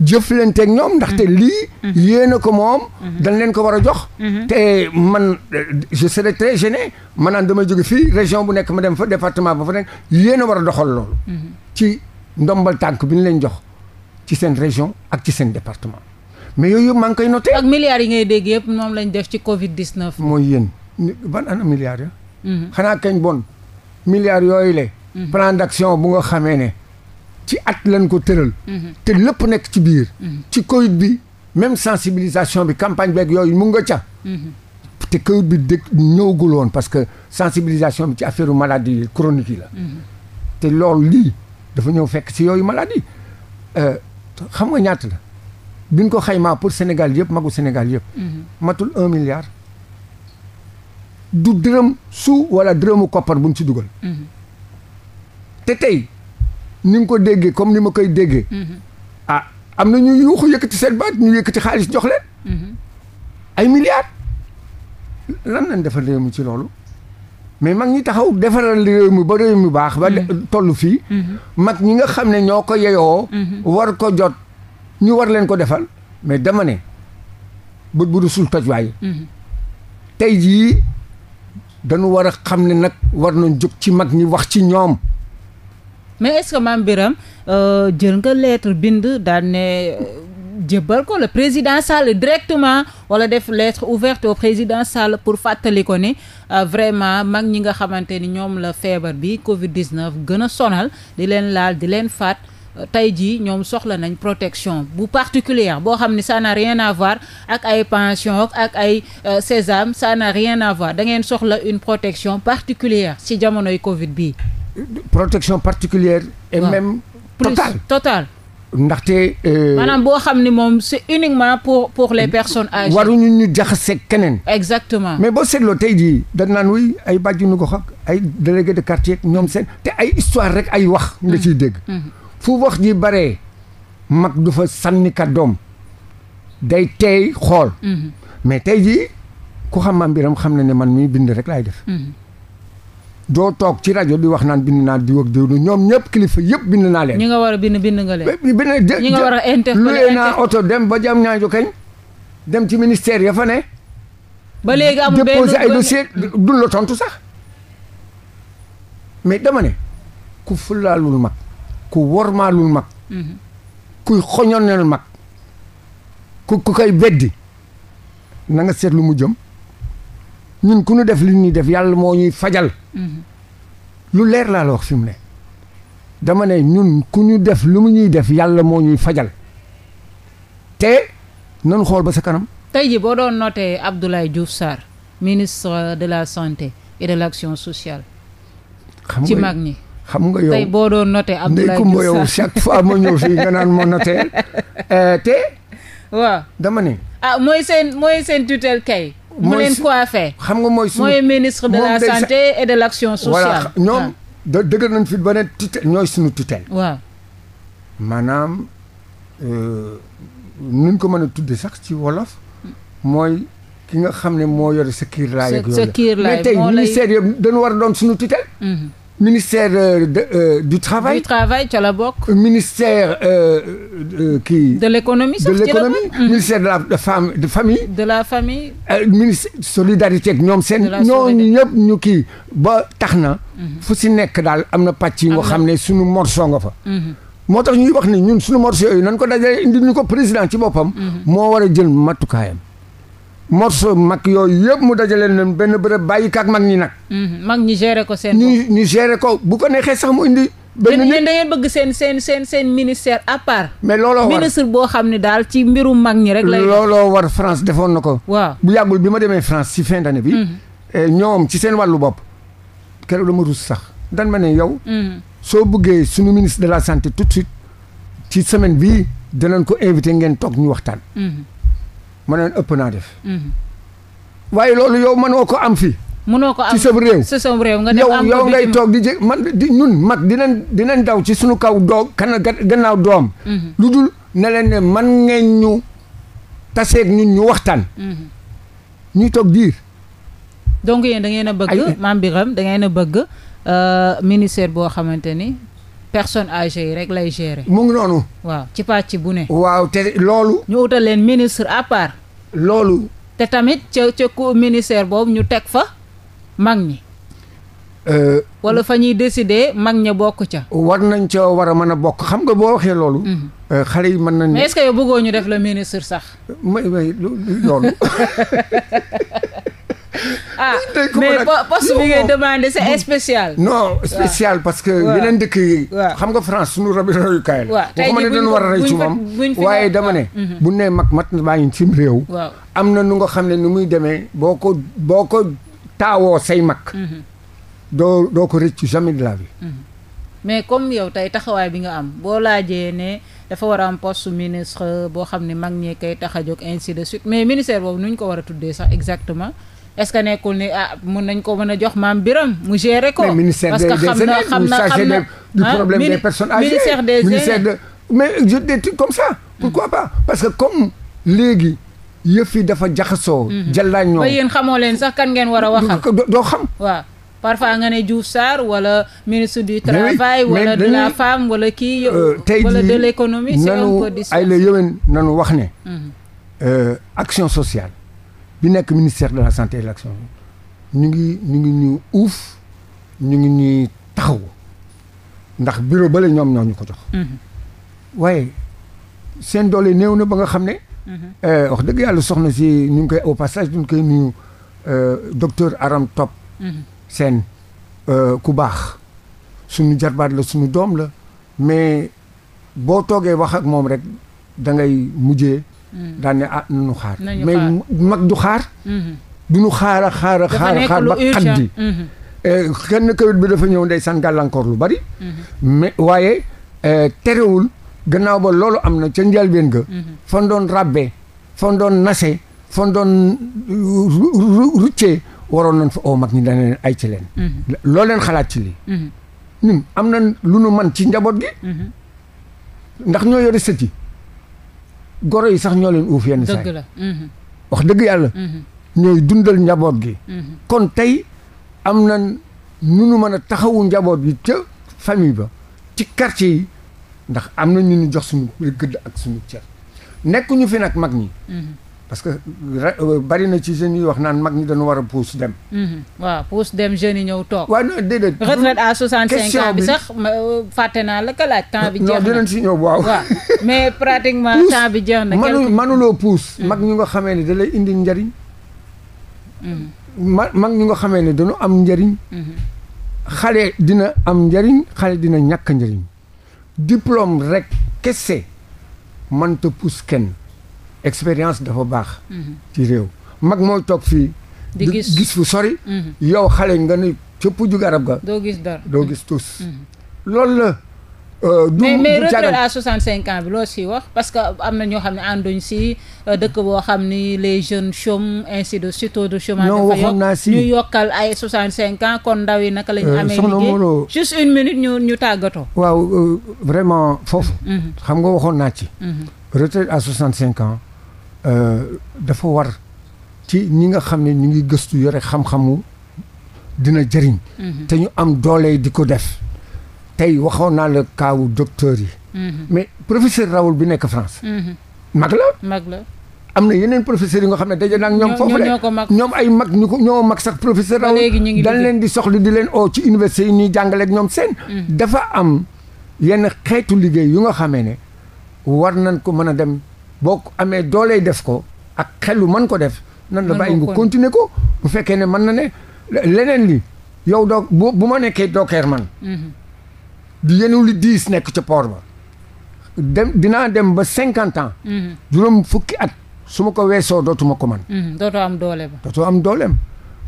jëf leen teeg ñoom ndaxte lii yéen a ko moom dañ leen ko war a jox te man euh, je serai très gêné maanaam damay jóge fii région bu nekk ma dem fa département ba fa nekk yéen war a doxal loolu ndombal tànk bi ñu leen jox ci seen région ak ci seen département mais yooyu man maa ngi koy noté. ak milliards yi ngay dégg yëpp moom lañ def ci Covid 19. mooy yéen ban ana milliards ya. Mhm. xanaa kañ bon milliards yooyu le mhm. plan d'action bu nga xamee ne. ci at lan ko tëral. Mhm. te lépp nekk ci biir. ci Covid bi même sensibilisation bi campagne beeg yooyu mu nga ca. te Covid bi dëkk ñëwagul woon parce que sensibilisation bi ci affaire maladie chronique yi la. te loolu lii. dafa ñëw fekk ci yooyu maladie euh, xam nga ñaata la biñ ko xaymaa pour Sénégal yëpp magu Sénégal yëpp. Mm-hmm. matul un milliard. du dërëm su wala dërëmu koppar buñ ci dugal. Mm-hmm. te tey ni ko déggee comme ni ma koy déggee. Mm-hmm. ah am na ñu yuuxu yëkkati seen baat ñu yëkkati xaalis jox leen. ay milliards. lan lañ defal réew mi ci loolu. mais mag ñi taxaw defaral réew mi ba réew mi baax. ba mm-hmm. toll fii. Mm-hmm. mag ñi nga xam ne ñoo ko yeyoo. Mm-hmm. war ko jot ñu war leen ko defal mais dama ne bët bu du sul toj waay. jii dañu war a xam ne nag war nañ jóg ci mag ñi wax ci ñoom. mais est-ce que maam Birame euh, jël nga lettre bind daan ne. jébbal ko le président Sall directement wala def lettre ouverte au président Sall pour fàttali ko ne euh, vraiment mag ñi nga xamante ni ñoom la feebar bi Covid 19 gën a sonal di leen laal di leen faat. Euh, tey jii ñoom soxla nañ protection bu particulière boo xam ne ça n'a rien à ak ay pension ak ay euh, sésame ça n'a rien avoir voir da ngeen soxla une protection particulière ci jamonoy Covid bii. protection particulière et même. plus totale ndaxte. Euh, maanaam boo xam ni moom c'est uniquement pour pour les personnes âgées. waruñu ñu jaxase keneen. exactement mais boo seetloo tey jii dañ naan wuy ay bàjjenu gox ak ay délégué de quartier ñoom seen te ay histoire rek ay wax. nga ciy mm-hmm. dégg. Mm-hmm. fu wax ji baree mag du fa sànni kàddoom day teey xool. Mm-hmm. mais tey jii ku xam mbiram xam na ne man mii bind rek laay def. doo toog ci rajo bi wax naan bind naa diw ak diw ñoom ñëpp kilifa yëpp bind naa leen. ñi nga war a bind bind nga leen. bind ñi nga war a interpellé naa oto dem ba jam ñaajo kañ dem ci ministère ya fa ba léegi amul benn déposé ay dossier duñ la tontu sax mais dama ku fulaalul mag ku wormaalul mag. Mhm. kuy xoñoneel mag ku ku koy weddi na nga seet lu mu jëm. ñun ku ñu def li ñuy def yàlla moo ñuy fajal. Mhm. lu leer laa la wax fi mu ne. dama ne ñun ku ñu def lu mu ñuy def yàlla moo ñuy fajal te nañu xool ba sa kanam. tey jii boo doon noté Abdoulaye Diouf Sarr ministre de la santé et de l'action sociale. ci mag ñi. xam nga yow tey boo doon notee Abdoulaye Diouf Sarr yow chaque fois ma ñëw fii nga naan ma noté eh, te. waaw dama ne. ah mooy seen mooy seen tutelle kay. mooy leen coiffé xam nga mooy su mooy ministre de la santé et de l'action sociale. ñoom ah. da dëgër nañ fi ba ne tutelle ñooy suñu tutel waaw euh, nuñ ko mën a tudde sax ci wolof mooy ki nga xam ne moo yore sa kiir laay ak yooyu mais tey ministère yëpp war a doon suñu tutelle. Mhm. ministère euh, de, euh, du travail. du travail ca la bokk. Euh, ministère kii. de l'économie sax de l'économie mm-hmm. ministère de la de femme de de la famille. ministère solidarité ak ñoom seen. ñooñu ñëpp ñu kii ba tax na. Mm-hmm. fu si nekk daal am na pàcc yi nga xam ne sunu morso nga fa. Mm-hmm. moo tax ñuy wax ni ñun sunu morso yooyu nañ ko dajale indi ñu ko président ci boppam. moo war a jël matukaayam. morceau mag yooyu yëpp mu dajale leen benn bërëb bàyyi kaak mag ñi nag. Mhm. mag ñi gérer ko seen ñu ñu gérer ko bu ko neexee sax mu indi. benn nit da ngeen bëgg seen seen seen seen ministère à part. mais looloo war ministre boo xam ne daal ci mbirum mag ñi rek. lay looloo war France defoon na ko. waaw bu yàggul bi ma demee France ci fin d'année bi. Mhm. Eh, ñoom ci seen wàllu bopp. keroog ma rus sax dan ma ne yow. Mhm. soo buggee suñu ministre de la santé tout de suite ci semaine bii danañ ko invité ngeen toog ñu waxtaan. ma ne ëpp naa def. Mhm. waaye loolu yow mënoo ko am fii. mënoo ko am ci sëb réew. ci sëb nga dem am yow ngay toog di jë man di ñun mag dina dina daw ci suñu kaw doo kana gannaaw doom. Mhm. lu dul ne leen ne man ngeen ñu taseeg ñun ñu waxtaan. Mhm. ñuy toog diir. donc yéen da ngeen a bëgg. Mame Birame da ngeen bëgg euh, ministère boo xamante ni. personne âgée yi rek lay gérer. mu ngi noonu. waaw ci pàcc bu ne. waaw te loolu. ñu utal leen ministre à part. loolu. te tamit ca ca ku ministère boobu ñu teg fa mag ñi. Euh, wala fa ñuy décider mag ña bokk ca. war nañ ca war a mën a bokk xam nga boo waxee loolu. Mhm. Euh, xale yi mën nañ mais est-ce que ñu def la ministre sax. may may loolu. ah mais poste bi ngay demandé c' est non spécial parce que. yeneen dëkk yi. xam nga France suñu rabi royukaay la. waaw tey jii buñ war a rey ci moom waaye dama ne. Mhm. bu nee mag mat na baa ngi cim réew. am na nu nga xam ne nu muy demee boo ko boo ko taawoo say mag. Mhm. doo doo ko rëccu jamais de la vie. Mhm. mais comme yow tey taxawaay bi nga am boo laajee ne dafa war a am poste ministre boo xam ne mag ñee koy tax a jóg ainsi de suite mais ministère boobu nu ñu ko war a tuddee sax exactement. est-ce que nekkul ni ah mën nañ ko mën a jox maam Biram mu gérer ko. parce que xam na xam na xam na du problème des personnes âgées ministère ministère de mais je des comme ça. Mm. parce que comme léegi yëf yi dafa jaxasoo. Mm-hmm. jàllale ñoom yéen xamoo leen sax kan ngeen war a waxal. doo xam waaw. parfois nga ne Diouf Sarr wala ministre du travail wala de la femme wala kii euh, wala de l'économie c'est un peu ay la yëwen nanu wax ne mm-hmm. euh, action sociale bi nekk ministère de la santé et de ñu ngi ñu ngi ñu uuf ñu ngi ñuy taxaw ndax bureau bale ñoom ñoo ñu ko jox. Mm-hmm. waaye seen doole néew na ba nga xam ne. Mm-hmm. Eh, wax dëgg yàlla soxna si ñu ngi koy au passage duñ koy nuyu eh, docteur Aram Top. Mm-hmm. seen eh, ku baax suñu jarbaat la suñu doom la mais boo toogee wax moom rek dangay ngay mujjee. Mm. daan ne ah xaar mais mag du xaar mm-hmm. du ñu xaar a xaar a xaar a ba xat di mm-hmm. eh, kenn kawit bi dafa ñëw ndeysaan gàllankoor lu bari mm-hmm. mais waaye eh, terewul gannaaw ba loolu am na ca njëlbeen ga fan doon ràbbe fan doon nase fan doon ruccee waroon nañ fa oo oh, mag ñi dana leen ay ci leen loo xalaat ci lii ñun am na lu nu man ci njaboot gi ndax ñoo yore sët goro yi sax ñoo leen uuf yenn saa yi mhm. wax dëgg yàlla mhm. ñooy dundal njaboot gi mhm. kon tey am na nu nu mën a taxawu njaboot bi ca famille ba ci quartier yi ndax am na ñu ñu jox suñu gëdd ak suñu cër nekkuñu fi nag mag ñi parce que bari na ci jeunes yi wax naan mag ñi dañu war a pousse dem. Mhm. waaw pousse dem jeunes yi ñëw toog. waaw non déedéet. a à 65 bi sax euh, fàtte naa la ka laaj. temps bi jeex na mais pratiquement bi jeex na. manuloo pousse. Mhm. mag ñu nga xamee ni da indi njariñ. Mhm. mag ñu nga xamee ne dañu am njariñ. xale dina am njariñ xale dina ñàkk njariñ diplôme rek kese mënta pousse kenn. expérience dafa baax. Mhm. ci réew mag moo toog fii. di gis gis fu sori. Mhm. yow xale nga ni cëpp ju garab ga. doo gis dara doo gis tous. Mhm. loolu la. Euh, du mais mais a à 65 ans bi loo si wax parce que am na ñoo xam ne ànduñ si euh, dëkk boo xam ni les jeunes chôme ainsi de suite de chômage. ñoo yokkal ay 65 ans kon ndaw yi naka lañu ñu. Euh, amee liggéey juste une minute ñu ñu tàggatoo. waaw vraiment foofu. xam nga waxoon naa ci. retraite à 65 ans. Euh, dafa war ci ñi nga xam ne ñu ngi gëstu yore xam-xamu dina jëriñ. Mhm. te ñu am doole di ko def. tey waxoon naa la kaawu docteur yi. Mhm. mais professeur Raoul bi nekk France. Mhm. mag la mag la. am na yeneen professeurs yi nga xam ne daje naa ñoom foofu la ñoom ay mag ñu ko ñoo mag sax professeur Raoul dañ leen di soxla di leen oo ci université yi ñuy jàngaleek ñoom seen dafa am yenn xeetu liggéey yu nga xamee ne war nañ ko mën a dem boo amee doolee def ko ak xelu man ko def nan la bàyyi nga continuer ko bu fekkee ne mën na ne leneen li yow doo bu bu ma nekkee dookeer man mhm. di yenu li diis nekk ca port ba dem dinaa dem ba cinquante ans mhm. juróom fukki at su ma ko weesoo dootuma ko man mhm. dootoo am doole ba am dooleem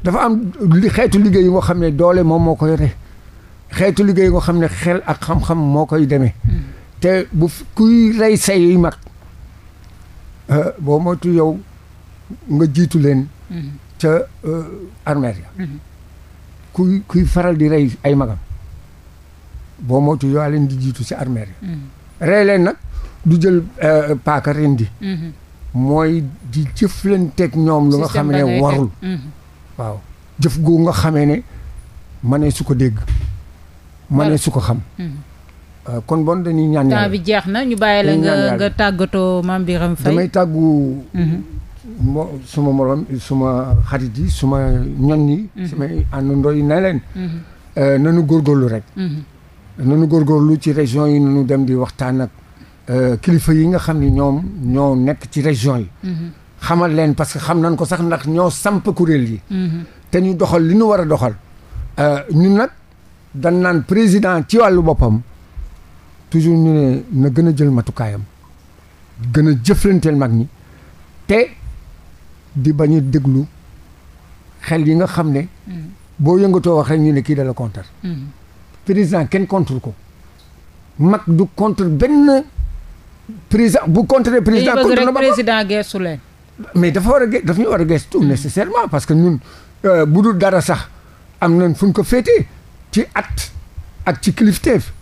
dafa am xeetu liggéey yi xam ne doole moom moo ko yore xeetu liggéey yi xam ne xel ak xam-xam moo koy demee te bu kuy rey say mag Euh, boo moytu yow nga jiitu leen. Mm-hmm. ca euh, armée ya mm-hmm. kuy kuy faral di rey ay magam boo moytu yow leen di jiitu ci armée ya mm-hmm. rey leen nag du jël euh, paaka ren di mooy di jëflanteeg ñoom lu nga xam ne warul. waaw jëf googu nga xame ne ma ne su ko dégg. ma ne su ko xam. Euh, kon bon dañuy ñaan yàlla jeex na ñu bàyyi la nga nga tàggatoo Mame Birame Faye damay tàggu mhm. mo suma morom suma xarit yi suma ñoñ yi mhm. samay àndandoo yi ne leen mhm. euh, nanu góorgóorlu rek nanu góorgóorlu ci région yi nanu dem di waxtaan ak euh, kilifa yi nga xam ni ñoom ñoo nekk ci région yi xamal leen parce que xam nañ ko sax ndax ñoo samp kuréel yi te ñu doxal li ñu war a doxal ñun nag dan naan président ci wàllu boppam toujours ñu ne na gën a jël matukaayam gën a jëflanteel mag ñi te di bañ déglu xel yi nga xam ne. Mm. boo yëngatoo wax rek ñu ne kii dala contre. Mm. président kenn contre ko. mag du contre benn président bu contre président. contre na ba président geestu mais dafa war a ge daf ñu war a geestu mm. nécessairement parce que ñun euh, bu dul dara sax am nañ fu ko féetee ci at ak ci kilifteef.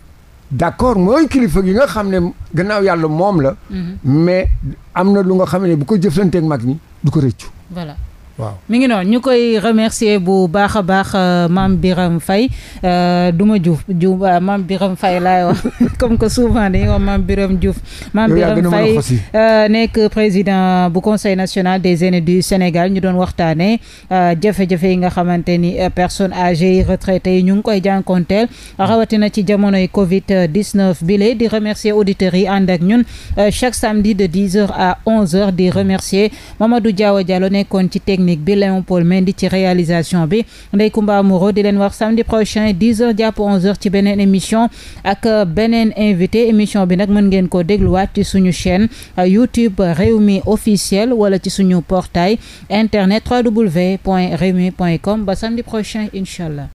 d'accord mooy kilifa gi nga xam ne gannaaw yàlla moom la. Mhm. mais am na lu nga xam ne bu ko jëflanteeg mag ñi du ko rëccu. waaw mi ngi noonu ñu koy remercier bu baax a baax euh, Mame Birame Faye euh, du ma Diouf Diouf euh, Mame Birame Faye laay wax comme que souvent dañuy wax Mame Birame Diouf Mame nekk président bu conseil national des aînés du Sénégal ñu doon waxtaane jafe-jafe yi nga xamante ni personne âgées yi retraités ñu ngi koy jànkonteel rawatina ci jamonoy Covid 19 bi lee di remercier auditeurs yi ànd ak ñun chaque samedi de 10 heures à 11 heures di remercier Mamadou Diawa Diallo nekkoon ci technique technique bi Léon Paul Mendy ci réalisation bi Ndeye Comba Moreau di leen wax samedi prochain 10 heures jàpp 11 heures ci beneen émission ak beneen invité émission bi nag mën ngeen ko dégluwaat ci suñu chaîne euh, YouTube Rewmi officiel wala ci suñu portail internet www.rewmi.com ba samedi prochain incha allah